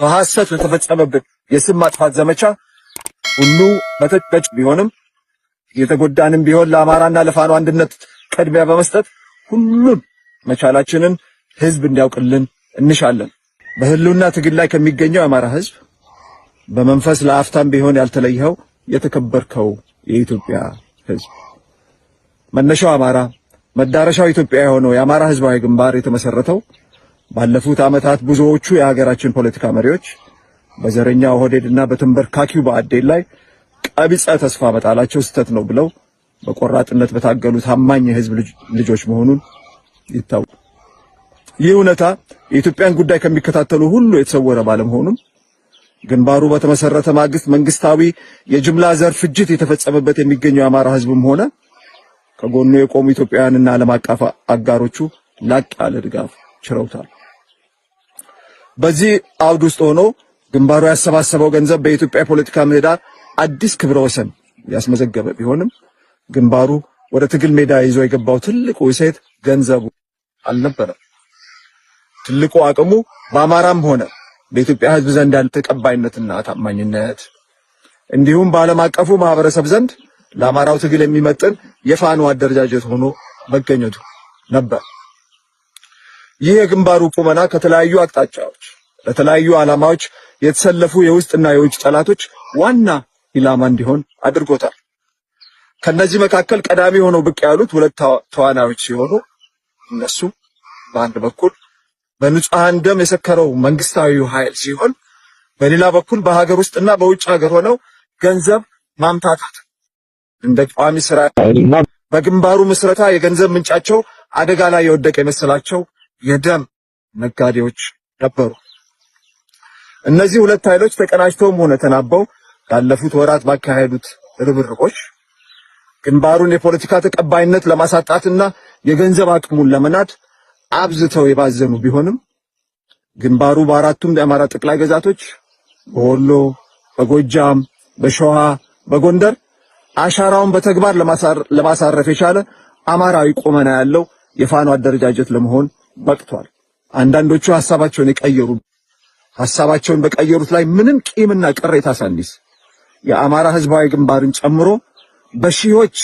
በሐሰት ለተፈጸመብን የስም ማጥፋት ዘመቻ ሁሉ መተጨጭ ቢሆንም የተጎዳንም ቢሆን ለአማራና ለፋኖ አንድነት ቅድሚያ በመስጠት ሁሉን መቻላችንን ህዝብ እንዲያውቅልን እንሻለን። በህልውና ትግል ላይ ከሚገኘው የአማራ ህዝብ በመንፈስ ለአፍታም ቢሆን ያልተለየኸው የተከበርከው የኢትዮጵያ ህዝብ መነሻው አማራ መዳረሻው ኢትዮጵያ የሆነው የአማራ ህዝባዊ ግንባር የተመሰረተው ባለፉት ዓመታት ብዙዎቹ የሀገራችን ፖለቲካ መሪዎች በዘረኛ ኦህዴድና በተንበርካኪው ብአዴን ላይ ቀቢጸ ተስፋ መጣላቸው ስህተት ነው ብለው በቆራጥነት በታገሉ ታማኝ የህዝብ ልጆች መሆኑን ይታወቃል። ይህ እውነታ የኢትዮጵያን ጉዳይ ከሚከታተሉ ሁሉ የተሰወረ ባለመሆኑም ግንባሩ በተመሰረተ ማግስት መንግስታዊ የጅምላ ዘር ፍጅት የተፈጸመበት የሚገኘው የአማራ ህዝብም ሆነ ከጎኑ የቆሙ ኢትዮጵያውያንና ዓለም አቀፍ አጋሮቹ ላቅ ያለ ድጋፍ ችረውታል። በዚህ አውድ ውስጥ ሆኖ ግንባሩ ያሰባሰበው ገንዘብ በኢትዮጵያ የፖለቲካ ምህዳር አዲስ ክብረ ወሰን ያስመዘገበ ቢሆንም ግንባሩ ወደ ትግል ሜዳ ይዞ የገባው ትልቁ ሴት ገንዘቡ አልነበረም። ትልቁ አቅሙ በአማራም ሆነ በኢትዮጵያ ሕዝብ ዘንድ ያለ ተቀባይነትና ታማኝነት እንዲሁም በዓለም አቀፉ ማህበረሰብ ዘንድ ለአማራው ትግል የሚመጥን የፋኖ አደረጃጀት ሆኖ መገኘቱ ነበር። ይህ የግንባሩ ቁመና ከተለያዩ አቅጣጫዎች ለተለያዩ ዓላማዎች የተሰለፉ የውስጥና የውጭ ጠላቶች ዋና ኢላማ እንዲሆን አድርጎታል። ከነዚህ መካከል ቀዳሚ ሆነው ብቅ ያሉት ሁለት ተዋናዮች ሲሆኑ እነሱ በአንድ በኩል በንጹሃን ደም የሰከረው መንግስታዊ ኃይል ሲሆን፣ በሌላ በኩል በሀገር ውስጥና በውጭ ሀገር ሆነው ገንዘብ ማምታታት እንደ ቋሚ ስራ በግንባሩ ምስረታ የገንዘብ ምንጫቸው አደጋ ላይ የወደቀ የመሰላቸው የደም ነጋዴዎች ነበሩ። እነዚህ ሁለት ኃይሎች ተቀናጅተውም ሆነ ተናበው ያለፉት ወራት ባካሄዱት ርብርቆች ግንባሩን የፖለቲካ ተቀባይነት ለማሳጣትና የገንዘብ አቅሙን ለመናድ አብዝተው የባዘኑ ቢሆንም ግንባሩ በአራቱም የአማራ ጠቅላይ ግዛቶች በወሎ፣ በጎጃም፣ በሸዋ፣ በጎንደር አሻራውን በተግባር ለማሳረፍ የቻለ አማራዊ ቁመና ያለው የፋኖ አደረጃጀት ለመሆን በቅቷል። አንዳንዶቹ ሐሳባቸውን የቀየሩ ሐሳባቸውን በቀየሩት ላይ ምንም ቂምና ቅሬታ ሳንዲስ የአማራ ህዝባዊ ግንባርን ጨምሮ በሺዎች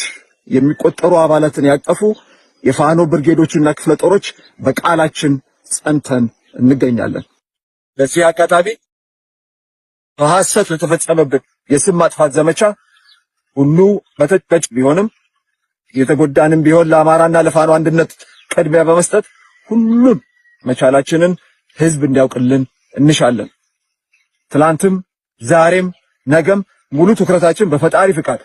የሚቆጠሩ አባላትን ያቀፉ የፋኖ ብርጌዶችና ክፍለ ጦሮች በቃላችን ጸንተን እንገኛለን። በዚህ አጋጣሚ በሐሰት ለተፈጸመብን የስም ማጥፋት ዘመቻ ሁሉ በተጨጭ ቢሆንም የተጎዳንም ቢሆን ለአማራና ለፋኖ አንድነት ቅድሚያ በመስጠት ሁሉን መቻላችንን ህዝብ እንዲያውቅልን እንሻለን። ትላንትም፣ ዛሬም፣ ነገም ሙሉ ትኩረታችን በፈጣሪ ፍቃድ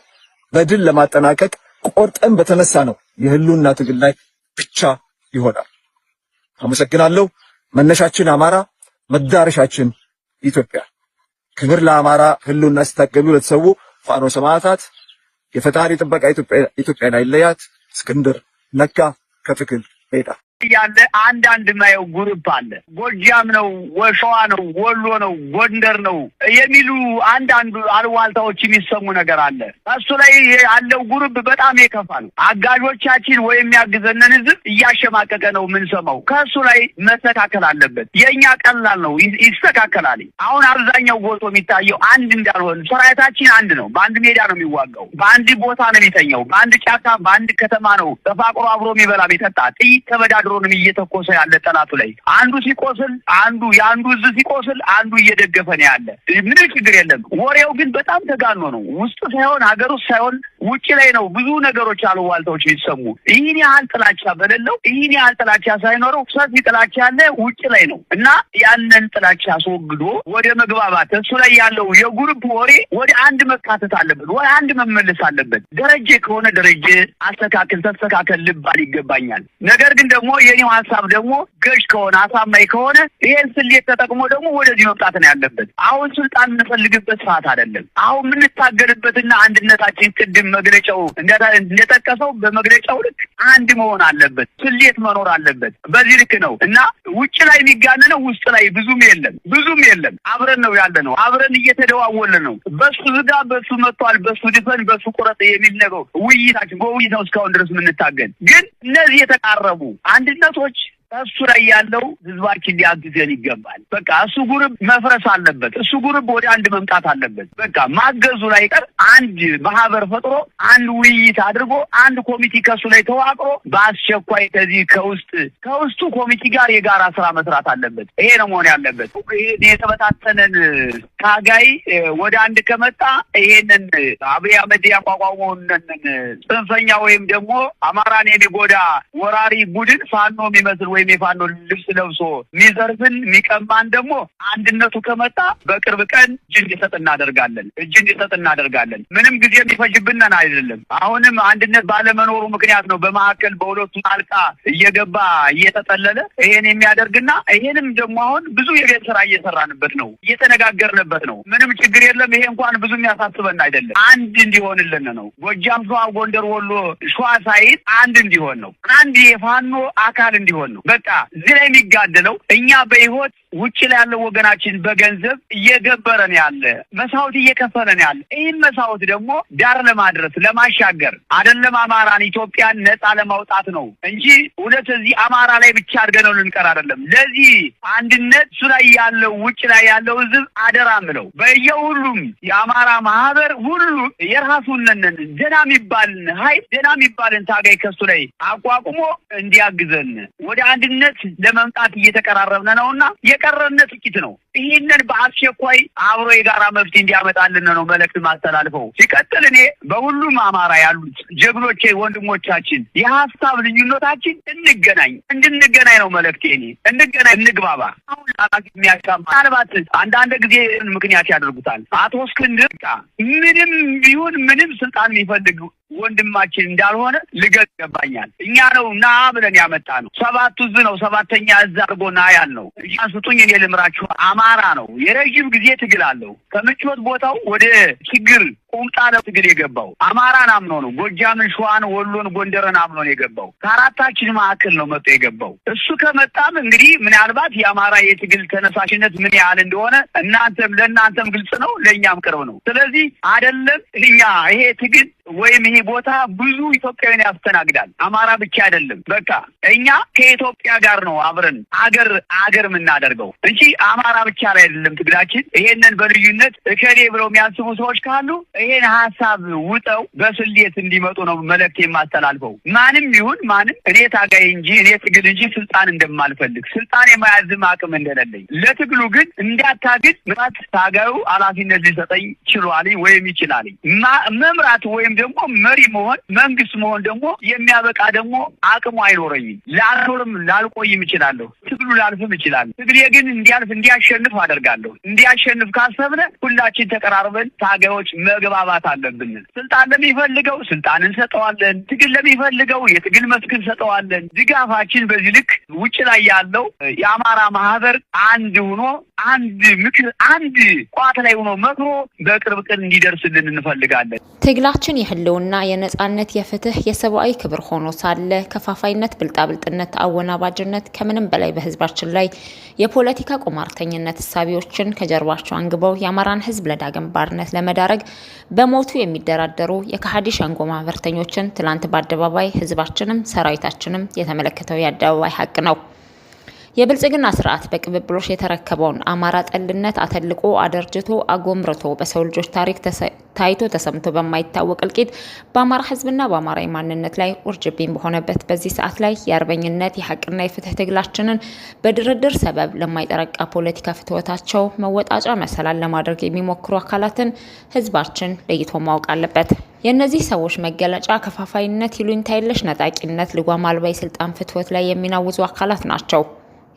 በድል ለማጠናቀቅ ቆርጠን በተነሳ ነው የህልውና ትግል ላይ ብቻ ይሆናል። አመሰግናለሁ። መነሻችን አማራ፣ መዳረሻችን ኢትዮጵያ። ክብር ለአማራ ህልውና ሲታገሉ ለተሰዉ ፋኖ ሰማዕታት። የፈጣሪ ጥበቃ ኢትዮጵያን አይለያት። እስክንድር ነጋ ከትግል ሜዳ እያለ አንዳንድ የማየው ጉሩፕ አለ። ጎጃም ነው፣ ወሸዋ ነው፣ ወሎ ነው፣ ጎንደር ነው የሚሉ አንዳንድ አልዋልታዎች የሚሰሙ ነገር አለ። እሱ ላይ ያለው ጉሩፕ በጣም የከፋ ነው። አጋዦቻችን ወይም የሚያግዘንን ህዝብ እያሸማቀቀ ነው የምንሰማው። ከእሱ ላይ መስተካከል አለበት። የእኛ ቀላል ነው፣ ይስተካከላል። አሁን አብዛኛው ጎቶ የሚታየው አንድ እንዳልሆን፣ ሰራዊታችን አንድ ነው። በአንድ ሜዳ ነው የሚዋጋው፣ በአንድ ቦታ ነው የሚተኛው፣ በአንድ ጫካ፣ በአንድ ከተማ ነው ተፋቅሮ አብሮ የሚበላ የሚጠጣ ጥይት ተበዳ ድሮንም እየተኮሰ ያለ ጠላቱ ላይ አንዱ ሲቆስል አንዱ የአንዱ እዝ ሲቆስል አንዱ እየደገፈ ነው ያለ። ምንም ችግር የለም። ወሬው ግን በጣም ተጋኖ ነው። ውስጥ ሳይሆን ሀገር ውስጥ ሳይሆን ውጭ ላይ ነው ብዙ ነገሮች አሉባልታዎች የሚሰሙ። ይህን ያህል ጥላቻ በሌለው ይህን ያህል ጥላቻ ሳይኖረው ሰፊ ጥላቻ ያለ ውጭ ላይ ነው እና ያንን ጥላቻ አስወግዶ ወደ መግባባት እሱ ላይ ያለው የጉሩፕ ወሬ ወደ አንድ መካተት አለበት፣ ወደ አንድ መመለስ አለበት። ደረጀ ከሆነ ደረጀ አስተካክል ተስተካከል ልባል ይገባኛል። ነገር ግን ደግሞ የኔው ሀሳብ ደግሞ ገዥ ከሆነ አሳማኝ ከሆነ ይሄን ስሌት ተጠቅሞ ደግሞ ወደዚህ መምጣት ነው ያለበት። አሁን ስልጣን የምንፈልግበት ሰዓት አይደለም። አሁን የምንታገልበትና አንድነታችን ቅድም መግለጫው እንደጠቀሰው በመግለጫው ልክ አንድ መሆን አለበት፣ ስሌት መኖር አለበት። በዚህ ልክ ነው እና ውጭ ላይ የሚጋነነው ውስጥ ላይ ብዙም የለም፣ ብዙም የለም። አብረን ነው ያለ ነው፣ አብረን እየተደዋወለ ነው። በሱ ዝጋ፣ በሱ መጥቷል፣ በሱ ድፈን፣ በሱ ቁረጥ የሚል ነገር ውይይታችን በውይይት ነው እስካሁን ድረስ የምንታገል ግን እነዚህ የተቃረቡ አንድ አንድነቶች እሱ ላይ ያለው ህዝባችን ሊያግዘን ይገባል። በቃ እሱ ጉርብ መፍረስ አለበት። እሱ ጉርብ ወደ አንድ መምጣት አለበት። በቃ ማገዙ ላይ ቀር አንድ ማህበር ፈጥሮ አንድ ውይይት አድርጎ አንድ ኮሚቴ ከሱ ላይ ተዋቅሮ በአስቸኳይ ከዚህ ከውስጥ ከውስጡ ኮሚቴ ጋር የጋራ ስራ መስራት አለበት። ይሄ ነው መሆን ያለበት። የተበታተነን ታጋይ ወደ አንድ ከመጣ ይሄንን አብይ አህመድ ያቋቋመውን ጽንፈኛ ወይም ደግሞ አማራን የሚጎዳ ወራሪ ቡድን ፋኖ የሚመስል ወይም የፋኖ ልብስ ለብሶ የሚዘርፍን የሚቀማን ደግሞ አንድነቱ ከመጣ በቅርብ ቀን እጅ እንዲሰጥ እናደርጋለን። እጅ እንዲሰጥ እናደርጋለን። እንችላለን። ምንም ጊዜ የሚፈጅብንን አይደለም። አሁንም አንድነት ባለመኖሩ ምክንያት ነው በመካከል በሁለቱ ጣልቃ እየገባ እየተጠለለ ይሄን የሚያደርግና ይሄንም ደግሞ አሁን ብዙ የቤት ስራ እየሰራንበት ነው፣ እየተነጋገርንበት ነው። ምንም ችግር የለም። ይሄ እንኳን ብዙ የሚያሳስበን አይደለም። አንድ እንዲሆንልን ነው። ጎጃም፣ ሸዋ፣ ጎንደር፣ ወሎ፣ ሸዋ ሳይት አንድ እንዲሆን ነው። አንድ የፋኖ አካል እንዲሆን ነው። በቃ እዚህ ላይ የሚጋደለው እኛ በህይወት ውጭ ላይ ያለው ወገናችን በገንዘብ እየገበረን ያለ፣ መስዋዕት እየከፈለን ያለ። ይህን መስዋዕት ደግሞ ዳር ለማድረስ ለማሻገር አይደለም አማራን ኢትዮጵያን ነፃ ለማውጣት ነው እንጂ እውነት እዚህ አማራ ላይ ብቻ አድርገነው ልንቀር አደለም። ለዚህ አንድነት እሱ ላይ ያለው ውጭ ላይ ያለው ህዝብ አደራ ምለው በየሁሉም የአማራ ማህበር ሁሉ የራሱነንን ደና የሚባልን ሀይል ደና የሚባልን ታጋይ ከሱ ላይ አቋቁሞ እንዲያግዘን ወደ አንድነት ለመምጣት እየተቀራረብን ነውና የቀረነ ጥቂት ነው። ይህንን በአስቸኳይ አብሮ የጋራ መፍትሄ እንዲያመጣልን ነው መልእክት ማስተላልፈው። ሲቀጥል እኔ በሁሉም አማራ ያሉት ጀግኖቼ ወንድሞቻችን የሀሳብ ልዩነታችን እንገናኝ እንድንገናኝ ነው መልእክቴ። እኔ እንገናኝ፣ እንግባባ። አሁን ላራቅ የሚያሻማ ምናልባት አንዳንድ ጊዜ ምክንያት ያደርጉታል። አቶ እስክንድር ምንም ቢሆን ምንም ስልጣን የሚፈልግ ወንድማችን እንዳልሆነ ልገጽ ይገባኛል። እኛ ነው ና ብለን ያመጣ ነው። ሰባቱ ዝ ነው ሰባተኛ እዝ አድርጎ ና ያልነው እጅ አንስጡኝ እኔ ልምራችሁ። አማራ ነው የረዥም ጊዜ ትግል አለው። ከምቾት ቦታው ወደ ችግር ቁምጣ ለትግል የገባው አማራን አምኖ ነው። ጎጃምን፣ ሸዋን፣ ወሎን፣ ጎንደርን አምኖ ነው የገባው። ከአራታችን መካከል ነው መጥቶ የገባው። እሱ ከመጣም እንግዲህ ምናልባት የአማራ የትግል ተነሳሽነት ምን ያህል እንደሆነ እናንተም ለእናንተም ግልጽ ነው፣ ለእኛም ቅርብ ነው። ስለዚህ አይደለም እኛ ይሄ ትግል ወይም ይሄ ቦታ ብዙ ኢትዮጵያውያን ያስተናግዳል። አማራ ብቻ አይደለም። በቃ እኛ ከኢትዮጵያ ጋር ነው አብረን አገር አገር የምናደርገው እንጂ አማራ ብቻ ላይ አይደለም ትግላችን። ይሄንን በልዩነት እከሌ ብለው የሚያስቡ ሰዎች ካሉ ይሄን ሀሳብ ውጠው በስሌት እንዲመጡ ነው መልእክት የማስተላልፈው። ማንም ይሁን ማንም እኔ ታጋይ እንጂ እኔ ትግል እንጂ ስልጣን እንደማልፈልግ ስልጣን የመያዝም አቅም እንደሌለኝ ለትግሉ ግን እንዳታግድ ምራት ታጋዩ ኃላፊነት ሊሰጠኝ ችሏል ወይም ይችላል። መምራት ወይም ደግሞ መሪ መሆን መንግስት መሆን ደግሞ የሚያበቃ ደግሞ አቅሙ አይኖረኝም። ላልኖርም ላልቆይም እችላለሁ። ትግሉ ላልፍም እችላለሁ። ትግሌ ግን እንዲያልፍ እንዲያሸንፍ አደርጋለሁ። እንዲያሸንፍ ካሰብነ ሁላችን ተቀራርበን ታጋዮች መግ መግባባት አለብን። ስልጣን ለሚፈልገው ስልጣን እንሰጠዋለን፣ ትግል ለሚፈልገው የትግል መስክ እንሰጠዋለን። ድጋፋችን በዚህ ልክ ውጭ ላይ ያለው የአማራ ማህበር አንድ ሆኖ አንድ ምክር አንድ ቋት ላይ ሆኖ መክሮ በቅርብ ቀን እንዲደርስልን እንፈልጋለን። ትግላችን የህልውና የነጻነት፣ የፍትህ፣ የሰብአዊ ክብር ሆኖ ሳለ ከፋፋይነት፣ ብልጣብልጥነት፣ አወናባጅነት ከምንም በላይ በህዝባችን ላይ የፖለቲካ ቁማርተኝነት እሳቢዎችን ከጀርባቸው አንግበው የአማራን ህዝብ ለዳግም ባርነት ለመዳረግ በሞቱ የሚደራደሩ የከሃዲ ሸንጎ ማህበርተኞችን ትላንት በአደባባይ ህዝባችንም ሰራዊታችንም የተመለከተው የአደባባይ ሀቅ ነው። የብልጽግና ስርዓት በቅብብሎሽ የተረከበውን አማራ ጠልነት አተልቆ አደርጅቶ አጎምርቶ በሰው ልጆች ታሪክ ታይቶ ተሰምቶ በማይታወቅ እልቂት በአማራ ህዝብና በአማራዊ ማንነት ላይ ውርጅብኝ በሆነበት በዚህ ሰዓት ላይ የአርበኝነት የሀቅና የፍትህ ትግላችንን በድርድር ሰበብ ለማይጠረቃ ፖለቲካ ፍትወታቸው መወጣጫ መሰላል ለማድረግ የሚሞክሩ አካላትን ህዝባችን ለይቶ ማወቅ አለበት። የእነዚህ ሰዎች መገለጫ ከፋፋይነት፣ ይሉኝታ የለሽ ነጣቂነት፣ ልጓም አልባ የስልጣን ፍትወት ላይ የሚናውዙ አካላት ናቸው።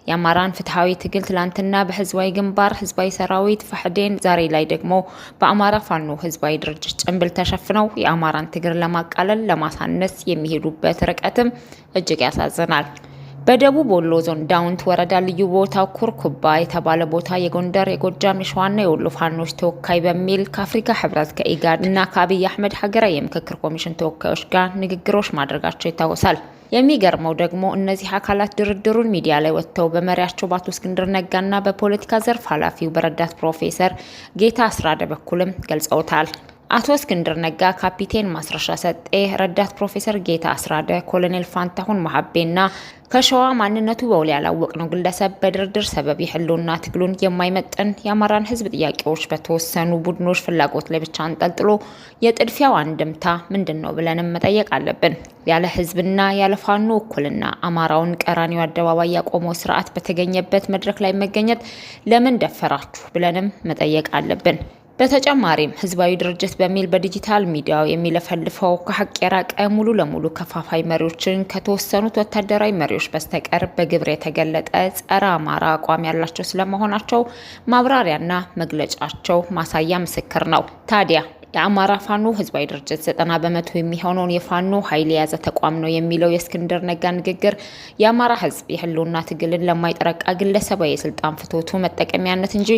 የአማራን ፍትሐዊ ትግል ትላንትና በህዝባዊ ግንባር ህዝባዊ ሰራዊት ፋህዴን፣ ዛሬ ላይ ደግሞ በአማራ ፋኖ ህዝባዊ ድርጅት ጭንብል ተሸፍነው የአማራን ትግል ለማቃለል ለማሳነስ የሚሄዱበት ርቀትም እጅግ ያሳዝናል። በደቡብ ወሎ ዞን ዳውንት ወረዳ ልዩ ቦታ ኩርኩባ የተባለ ቦታ የጎንደር የጎጃም የሸዋና የወሎ ፋኖች ተወካይ በሚል ከአፍሪካ ህብረት ከኢጋድ እና ከአብይ አህመድ ሀገራዊ የምክክር ኮሚሽን ተወካዮች ጋር ንግግሮች ማድረጋቸው ይታወሳል። የሚገርመው ደግሞ እነዚህ አካላት ድርድሩን ሚዲያ ላይ ወጥተው በመሪያቸው በአቶ እስክንድር ነጋና በፖለቲካ ዘርፍ ኃላፊው በረዳት ፕሮፌሰር ጌታ አስራደ በኩልም ገልጸውታል። አቶ እስክንድር ነጋ፣ ካፒቴን ማስረሻ ሰጤ፣ ረዳት ፕሮፌሰር ጌታ አስራደ፣ ኮሎኔል ፋንታሁን መሀቤና ከሸዋ ማንነቱ በውል ነው ግለሰብ በድርድር ሰበብ የህልውና ትግሉን የማይመጥን የአማራን ህዝብ ጥያቄዎች በተወሰኑ ቡድኖች ፍላጎት ላይ ብቻ አንጠልጥሎ የጥድፊያው አንድምታ ምንድን ነው ብለንም መጠየቅ አለብን። ያለ ህዝብና ያለ ፋኖ እኩልና አማራውን ቀራኒው አደባባይ ያቆመው ስርዓት በተገኘበት መድረክ ላይ መገኘት ለምን ደፈራችሁ ብለንም መጠየቅ አለብን። በተጨማሪም ህዝባዊ ድርጅት በሚል በዲጂታል ሚዲያው የሚለፈልፈው ከሀቅ የራቀ ሙሉ ለሙሉ ከፋፋይ መሪዎችን ከተወሰኑት ወታደራዊ መሪዎች በስተቀር በግብር የተገለጠ ጸረ አማራ አቋም ያላቸው ስለመሆናቸው ማብራሪያና መግለጫቸው ማሳያ ምስክር ነው። ታዲያ የአማራ ፋኖ ህዝባዊ ድርጅት ዘጠና በመቶ የሚሆነውን የፋኖ ኃይል የያዘ ተቋም ነው የሚለው የእስክንድር ነጋ ንግግር የአማራ ህዝብ የህልውና ትግልን ለማይጠረቃ ግለሰባዊ የስልጣን ፍቶቱ መጠቀሚያነት እንጂ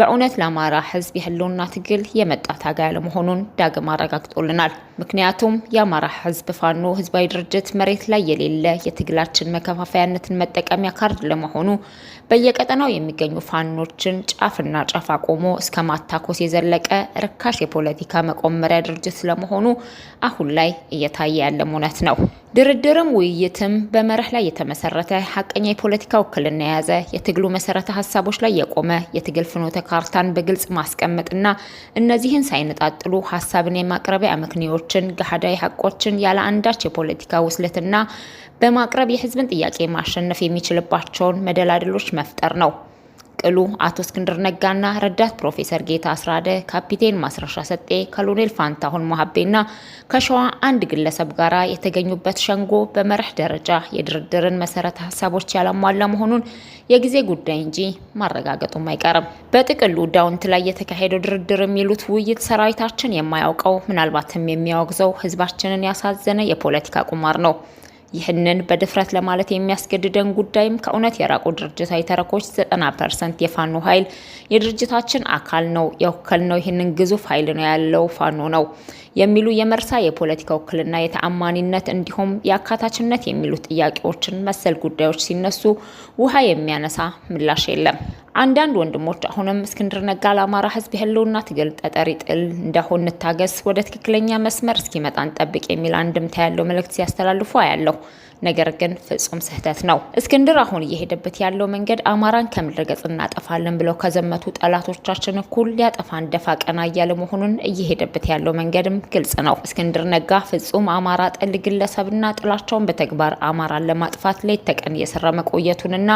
በእውነት ለአማራ ህዝብ የህልውና ትግል የመጣ ታጋይ አለመሆኑን ዳግም አረጋግጦልናል። ምክንያቱም የአማራ ህዝብ ፋኖ ህዝባዊ ድርጅት መሬት ላይ የሌለ የትግላችን መከፋፈያነትን መጠቀሚያ ካርድ ለመሆኑ በየቀጠናው የሚገኙ ፋኖችን ጫፍና ጫፍ አቆሞ እስከ ማታኮስ የዘለቀ ርካሽ የፖለቲካ የፖለቲካ መቆመሪያ ድርጅት ስለመሆኑ አሁን ላይ እየታየ ያለ እውነት ነው። ድርድርም ውይይትም በመርህ ላይ የተመሰረተ ሀቀኛ የፖለቲካ ውክልና የያዘ የትግሉ መሰረተ ሀሳቦች ላይ የቆመ የትግል ፍኖተ ካርታን በግልጽ ማስቀመጥና እነዚህን ሳይነጣጥሉ ሀሳብን የማቅረቢያ አመክንዮዎችን፣ ገሃዳዊ ሀቆችን ያለ አንዳች የፖለቲካ ውስለትና በማቅረብ የህዝብን ጥያቄ ማሸነፍ የሚችልባቸውን መደላድሎች መፍጠር ነው። ቅሉ አቶ እስክንድር ነጋና ረዳት ፕሮፌሰር ጌታ አስራደ፣ ካፒቴን ማስረሻ ሰጤ፣ ኮሎኔል ፋንታሁን ሞሀቤና ከሸዋ አንድ ግለሰብ ጋር የተገኙበት ሸንጎ በመርህ ደረጃ የድርድርን መሰረተ ሀሳቦች ያላሟላ መሆኑን የጊዜ ጉዳይ እንጂ ማረጋገጡም አይቀርም። በጥቅሉ ዳውንት ላይ የተካሄደው ድርድር የሚሉት ውይይት ሰራዊታችን የማያውቀው ምናልባትም የሚያወግዘው ህዝባችንን ያሳዘነ የፖለቲካ ቁማር ነው። ይህንን በድፍረት ለማለት የሚያስገድደን ጉዳይም ከእውነት የራቁ ድርጅታዊ ተረኮች 90 ፐርሰንት የፋኖ ኃይል የድርጅታችን አካል ነው ነው ይህንን ግዙፍ ኃይል ነው ያለው ፋኖ ነው። የሚሉ የመርሳ የፖለቲካ ውክልና የተአማኒነት እንዲሁም የአካታችነት የሚሉ ጥያቄዎችን መሰል ጉዳዮች ሲነሱ ውሃ የሚያነሳ ምላሽ የለም። አንዳንድ ወንድሞች አሁንም እስክንድር ነጋ ለአማራ ሕዝብ የህልውና ትግል ጠጠሪ ጥል እንደሆን እንታገስ፣ ወደ ትክክለኛ መስመር እስኪመጣ እንጠብቅ የሚል አንድምታ ያለው መልእክት ሲያስተላልፉ አያለሁ። ነገር ግን ፍጹም ስህተት ነው። እስክንድር አሁን እየሄደበት ያለው መንገድ አማራን ከምድረ ገጽ እናጠፋለን ብለው ከዘመቱ ጠላቶቻችን እኩል ሊያጠፋን ደፋ ቀና እያለ መሆኑን እየሄደበት ያለው መንገድም ግልጽ ነው። እስክንድር ነጋ ፍጹም አማራ ጠል ግለሰብና ጥላቸውን በተግባር አማራን ለማጥፋት ሌት ተቀን እየሰራ መቆየቱንና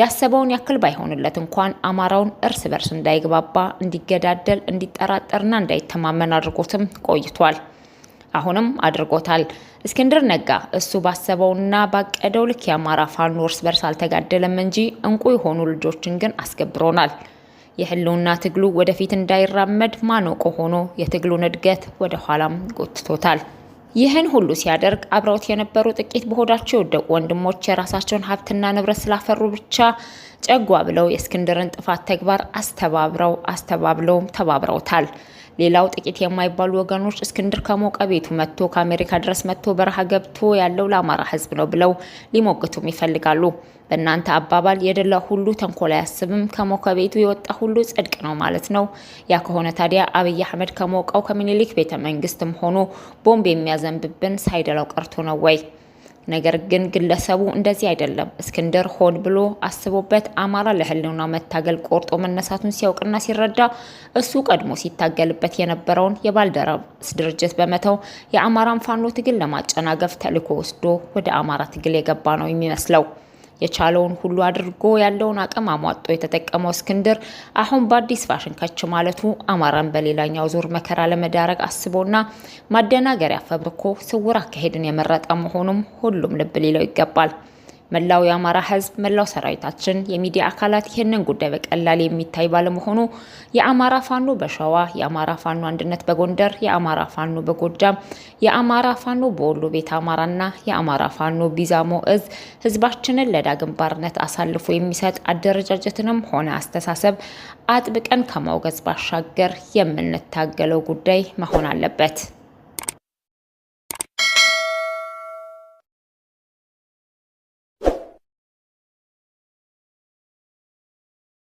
ያሰበውን ያክል ባይሆንለት እንኳን አማራውን እርስ በርስ እንዳይግባባ፣ እንዲገዳደል፣ እንዲጠራጠርና እንዳይተማመን አድርጎትም ቆይቷል። አሁንም አድርጎታል። እስክንድር ነጋ እሱ ባሰበውና ባቀደው ልክ የአማራ ፋኖ እርስ በርስ አልተጋደለም እንጂ እንቁ የሆኑ ልጆችን ግን አስገብሮናል። የህልውና ትግሉ ወደፊት እንዳይራመድ ማነቆ ሆኖ የትግሉን እድገት ወደ ኋላም ጎትቶታል። ይህን ሁሉ ሲያደርግ አብረውት የነበሩ ጥቂት በሆዳቸው የወደቁ ወንድሞች የራሳቸውን ሀብትና ንብረት ስላፈሩ ብቻ ጨጓ ብለው የእስክንድርን ጥፋት ተግባር አስተባብረው አስተባብለውም ተባብረውታል። ሌላው ጥቂት የማይባሉ ወገኖች እስክንድር ከሞቀ ቤቱ መጥቶ ከአሜሪካ ድረስ መጥቶ በረሃ ገብቶ ያለው ለአማራ ህዝብ ነው ብለው ሊሞግቱም ይፈልጋሉ። በእናንተ አባባል የደላ ሁሉ ተንኮል አያስብም፣ ከሞቀ ቤቱ የወጣ ሁሉ ጽድቅ ነው ማለት ነው። ያ ከሆነ ታዲያ አብይ አህመድ ከሞቀው ከሚኒሊክ ቤተ መንግስትም ሆኖ ቦምብ የሚያዘንብብን ሳይደላው ቀርቶ ነው ወይ? ነገር ግን ግለሰቡ እንደዚህ አይደለም። እስክንድር ሆን ብሎ አስቦበት አማራ ለህልውና መታገል ቆርጦ መነሳቱን ሲያውቅና ሲረዳ እሱ ቀድሞ ሲታገልበት የነበረውን የባልደራ ድርጅት በመተው የአማራን ፋኖ ትግል ለማጨናገፍ ተልዕኮ ወስዶ ወደ አማራ ትግል የገባ ነው የሚመስለው። የቻለውን ሁሉ አድርጎ ያለውን አቅም አሟጦ የተጠቀመው እስክንድር አሁን በአዲስ ፋሽን ከች ማለቱ አማራን በሌላኛው ዙር መከራ ለመዳረግ አስቦና ማደናገሪያ ፈብርኮ ስውር አካሄድን የመረጠ መሆኑም ሁሉም ልብ ሊለው ይገባል። መላው የአማራ ህዝብ መላው ሰራዊታችን፣ የሚዲያ አካላት ይህንን ጉዳይ በቀላል የሚታይ ባለመሆኑ የአማራ ፋኖ በሸዋ፣ የአማራ ፋኖ አንድነት በጎንደር፣ የአማራ ፋኖ በጎጃም፣ የአማራ ፋኖ በወሎ ቤት አማራና የአማራ ፋኖ ቢዛሞ እዝ ህዝባችንን ለዳግም ባርነት አሳልፎ የሚሰጥ አደረጃጀትንም ሆነ አስተሳሰብ አጥብቀን ከማውገዝ ባሻገር የምንታገለው ጉዳይ መሆን አለበት።